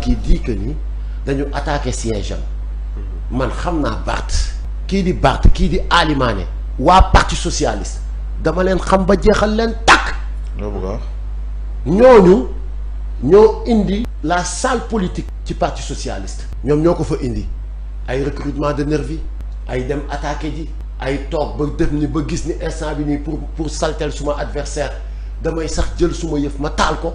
kii dit que ni dañu attaqué siège am man xam naa Barth kii di Barth kii di Aly Mané waa parti socialiste dama leen xam ba jeexal leen tàkk ñooñu ñoo indi la salle politique ci parti socialiste ñoom ñoo ko fa indi ay recrutement de nervi ay dem attaque ji ay toog ba def ni ba gis ni instant bi nii pour pour saltel suma adversaire damay sax jël suma yëf ma taal ko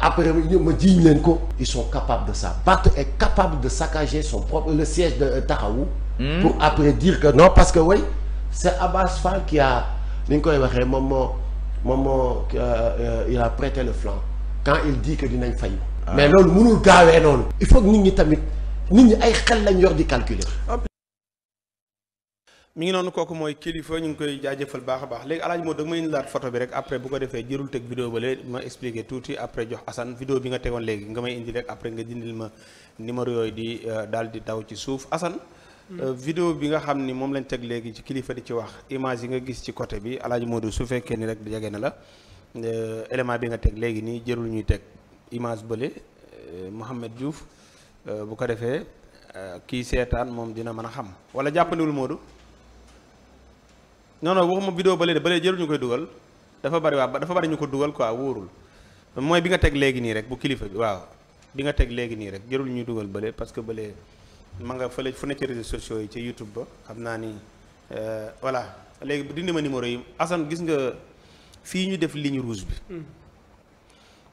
après ma jiiñ leen ko ils sont capables de ça Barth est capable de saccager son propre le siège de euh, Taxawu mmh. pour après dire que non parce que woy oui, c'est Abbas Fall qui a ni ñu koy waxee moom moo moom moo euh, euh, il a prêté le flanc quand il dit que dinañ fayu ah. mais loolu mënul gaawee noonu il faut nit ñi tamit nit ñi ay xel lañ yoo di calculer mi ngi noonu kooku mooy kilifa ñu ngi koy jaajëfal baax a baax léegi alaaji moo da ma indi laat photo bi rek après bu ko defee jërul teg vidéo ba léegi ma expliqué tuuti après jox Assane vidéo bi nga may indi rek après nga dindil numéro yooyu di euh, daal di daw ci suuf Assane hmm. euh, vidéo bi nga xam ni moom lañ teg léegi ci kilifa di ci wax image yi nga gis ci côté bi alaaji Modou su fekkee ni rek jege la euh, élément bi nga teg léegi nii jërul ñuy teg image bële Mouhamed Diouf bu ko defee kii seetaan moom dina mën a xam wala jàppandiwul Modou non non waxuma vidéo ba léegi ba léegi ñu koy dugal dafa bari waa dafa bari ñu ko dugal quoi wóorul mooy bi nga teg léegi nii rek bu kilifa bi waaw bi nga teg léegi nii rek jërul ñuy dugal bële parce que bële ma nga fële fu ne ci réseaux sociaux yi ci YouTube ba xam naa ni euh, voilà léegi dindi ma numéro yi Assane gis nga fii ñu def ligne rouge bi. Hmm.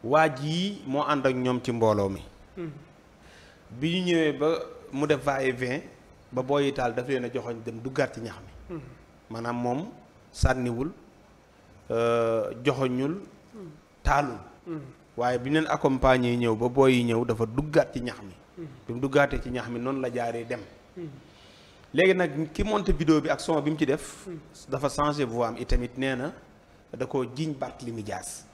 waa ji moo ànd ak ñoom ci mbooloo mi. Hmm. bi ñu ñëwee ba mu def va vin ba booy taal daf leen joxoñ dem duggaat ci ñax maanaam moom sànniwul euh, joxoñul taalu waaye bi leen accompagner ñëw ba booy yi ñëw dafa duggaat ci ñax mi mm-hmm. bi mu duggaatee ci ñax mi noonu la jaaree dem mm-hmm. léegi nag ki monte vidéo bi ak son bi mu ci def mm-hmm. dafa changé bu am itamit nee na da ko jiiñ Barthélémy Dias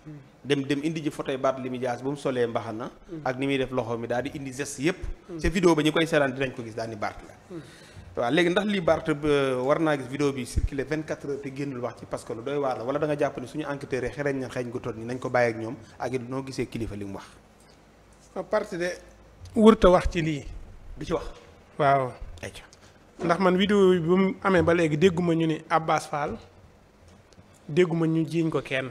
dem dem indi ji photo Barthélémy Dias bu mu solee mbaxana ak ni muy def loxo mi daal di indi geste yépp ca vidéo ba ñu koy seetaan dinañ ko gis daal ni Barth la waaw léegi ndax lii Barth euh, war naa gis vidéo bi circulé 24 heures te génnul wax ci parce que lu doy waar la wala da nga jàpp ne suñu enquêteurs yi na xeeñ gu toll nañ ko bàyyi ak ñoom ak it noo gisee kilifa li wax. waaw parti de wërta wax ci lii. du ci wax. waaw. ndax man vidéo bi bu mu amee ba léegi dégguma ñu ni Abbas Fall dégguma ñu jiiñ ko kenn.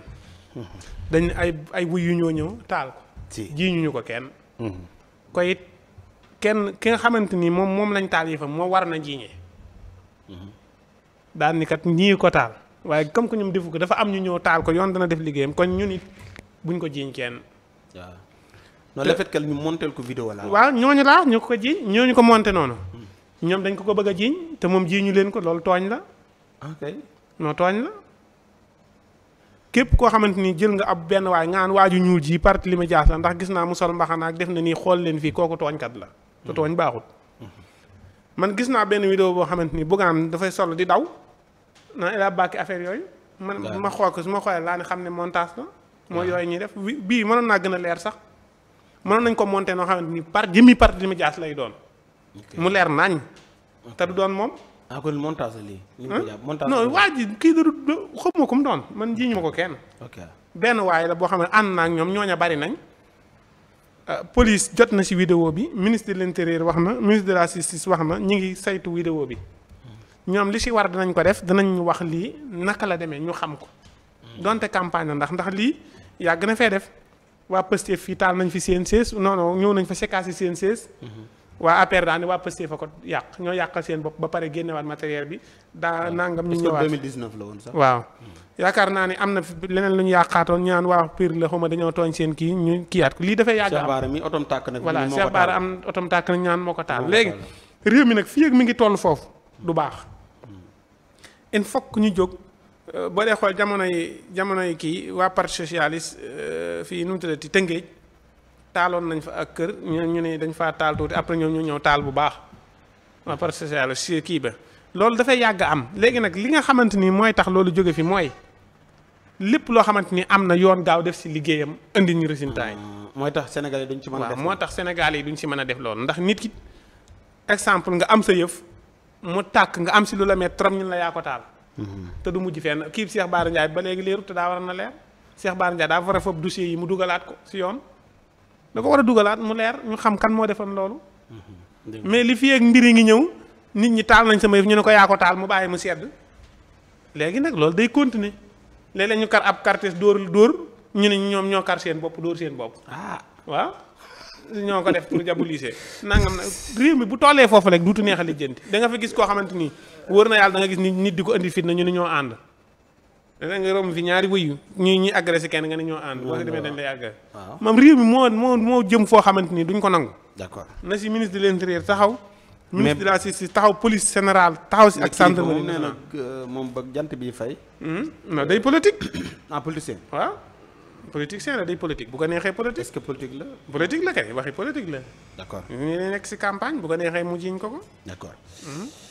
Mhm. dañ ay ay wuyu ñoo ñëw taal ko. jiiñuñu ko kenn. Mhm. ko kenn ki nga xamante ni moom moom lañ taal taalifam moo war na jiiñee mhm. daal ni ñii ko taal waaye comme que ñoom defu ko dafa am ñu ñëw taal ko yoon dana def liggéeyam kon ñu it buñ ko jiiñ kenn. waaw non montel ko vidéo la. waaw ñooñu laa ñu ko jiiñ ñooñu ko monté noonu. Hmm. ñoom dañ ko ko bëgg a jiiñ te moom jiiñu leen ko loolu tooñ la. ok non tooñ la. képp koo xamante ni jël nga ab benn waay ngaan waaju ñuul ji parti li ma jaas la ndax gis naa mu sol mbaxana ak def na nii xool leen fii tooñkat la te tooñ baaxul. man gis naa benn vidéo boo xamante ni Bougane dafay sol di daw naan il a affaire yooyu. ma xool ko su xam ne montage la. yooyu ñuy def bii mënoon naa gën a leer sax mënoon nañ ko monté noo xamante ni par jëmmi par jëmmi jaas lay doon. mu leer nañ te du moom. ah kon lii. ñu ko jàpp montage non waa ji kii da du xamuma ko mu doon man jiiñu ma ko kenn. benn waay la boo xam ne ànd naa ak ñoom ñooña bari nañ. Euh, police jot na ci vidéo bi ministre de l'intérieur wax na ministre de la justice wax na ñu ngi saytu vidéo bi ñoom li si war danañ ko def danañ wax lii naka la demee ñu xam ko donte campagne na ndax ndax lii yàgg na fee def waa Pastef fii taal nañ fi seen sees non ñëw nañ fa séquencé seen sees waa APR daa ne waa Pastef a ko yàq ñoo yàqal seen bopp ba pare génnewaat matériel bi daa ah. nangam ñu ñëwaat 2019 la woon sax waaw hmm. yaakaar naa ni am na leneen lu ñu yàqaatoon ñaan waa piir la xuma dañoo tooñ seen kii ñu kiyaat ko lii dafay yàgg am Cheikh Bara mi otom na voilà Cheikh Bara am otom tàkk na ñaan moo ko taal léegi réew mi nag fii ak mu ngi toll foofu du baax hmm. il faut ñu jóg euh, boo dee xool jamono yi jamono yi kii waa parti socialiste euh, fii nu mu ti Tëngéej taaloon nañ fa ak kër ñu ne dañ faa taal tuuti après ñoom ñu ñëw taal bu baax waa par social si kii ba loolu dafay yàgg am léegi nag li nga xamante ni mooy tax loolu jóge fi mooy lépp loo xamante ni am na yoon gaaw def si liggéeyam indi ñu résultat yi. mooy tax Sénégal yi duñ ci mën a def moo tax Sénégal yi duñ si mën a def loolu ndax nit ki exemple nga am sa yëf mu tàkk nga am si lu la met trop ñun la yaa ko taal. Mm-hmm. te du mujj fenn kii Cheikh Bara Ndiaye ba léegi leerut te daa war na leer Cheikh Bara Ndiaye daa war a fob dossier yi mu dugalaat ko si yoon. da ko war a dugalaat mu leer ñu xam kan moo defoon loolu. Mm-hmm. mais li fiyeek mbir yi ngi ñëw nit ñi taal nañ sama yëf ñu ne ko yaa ko taal mu bàyyi mu sedd léegi nag loolu day continuer léeg-léeg ñu kar ab kartes dóor dóor ñu ne ñoom ñoo kar seen bopp dóor seen bopp waa ah. waaw ñoo ko def pour diaboliser nangam nag réew mi bu tollee foofu rek duutu neex a lijjanti da nga fa gis koo xamante ni wóor na yàlla da nga gis nit nit di ko indi fitna ñu ne ñoo ànd danañ nga romb fi ñaari wuyu ñuy ñuy agressé kenn nga ne ñoo ànd. boo demee dañ mi moo moo moo jëm foo xamante ni duñ ko nangu. d'accord na si ministre de l'intérieur taxaw. ministre de la justice taxaw police générale taxaw si ak. centre moom nee euh, moom ba jant bi fay. Hmm? non day politique. ah politicien waaw. politicien la day politique bu ko neexee politique. est la. politique la kay waxi politique la. d'accord ñu nekk si campagne bu ko neexee mu jiñ ko ko. d'accord. Hmm?